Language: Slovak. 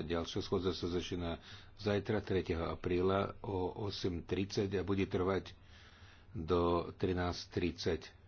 Ďalšia schôdza sa začína zajtra 3. apríla o 8.30 a bude trvať do 13.30.